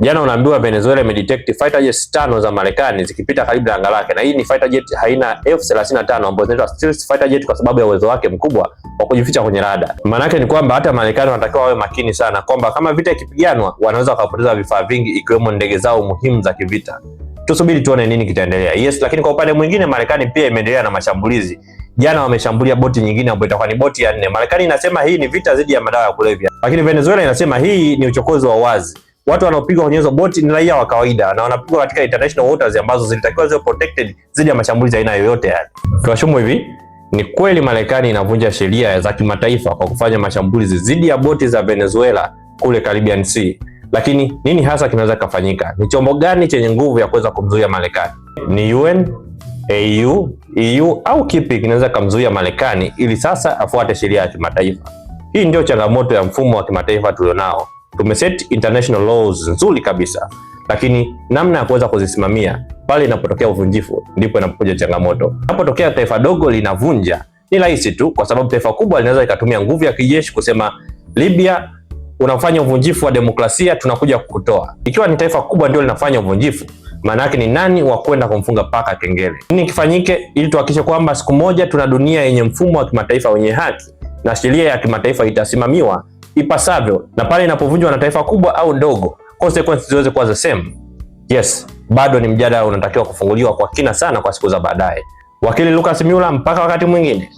Jana unaambiwa Venezuela imedetect fighter jets tano za Marekani zikipita karibu na anga lake, na hii ni fighter jet haina F35 ambayo zinaitwa stealth fighter jet kwa sababu ya uwezo wake mkubwa wa kujificha kwenye rada. Maana yake ni kwamba hata Marekani wanatakiwa wawe makini sana, kwamba kama vita ikipiganwa, wanaweza wakapoteza vifaa vingi, ikiwemo ndege zao muhimu za kivita. Tusubiri tuone nini kitaendelea. Yes, lakini kwa upande mwingine Marekani pia imeendelea na mashambulizi. Jana wameshambulia boti nyingine ambayo itakuwa ni boti ya nne. Marekani inasema hii ni vita dhidi ya madawa ya kulevya, lakini Venezuela inasema hii ni uchokozi wa wazi watu wanaopigwa kwenye hizo boti ni raia wa kawaida na wanapigwa katika international waters ambazo zilitakiwa ziwe protected dhidi ya mashambulizi aina yoyote yale. Tuwashumu hivi, ni kweli Marekani inavunja sheria za kimataifa kwa kufanya mashambulizi dhidi ya boti za Venezuela kule Caribbean Sea. Lakini nini hasa kinaweza kufanyika? Ni chombo gani chenye nguvu ya kuweza kumzuia Marekani? Ni UN, AU, EU au kipi kinaweza kumzuia Marekani ili sasa afuate sheria ya kimataifa? Hii ndio changamoto ya mfumo wa kimataifa tulionao tumeset international laws nzuri kabisa, lakini namna ya kuweza kuzisimamia pale inapotokea uvunjifu ndipo inapokuja changamoto. Inapotokea taifa dogo linavunja, ni rahisi tu, kwa sababu taifa kubwa linaweza ikatumia nguvu ya kijeshi kusema Libya unafanya uvunjifu wa demokrasia, tunakuja kukutoa. Ikiwa ni taifa kubwa ndio linafanya uvunjifu, maana yake ni nani wa kwenda kumfunga paka kengele? Nini kifanyike ili tuhakikishe kwamba siku moja tuna dunia yenye mfumo wa kimataifa wenye haki na sheria ya kimataifa itasimamiwa ipasavyo na pale inapovunjwa na taifa kubwa au ndogo, consequences ziweze kuwa the same. Yes, bado ni mjadala unatakiwa kufunguliwa kwa kina sana kwa siku za baadaye. Wakili Lucas mula mpaka wakati mwingine.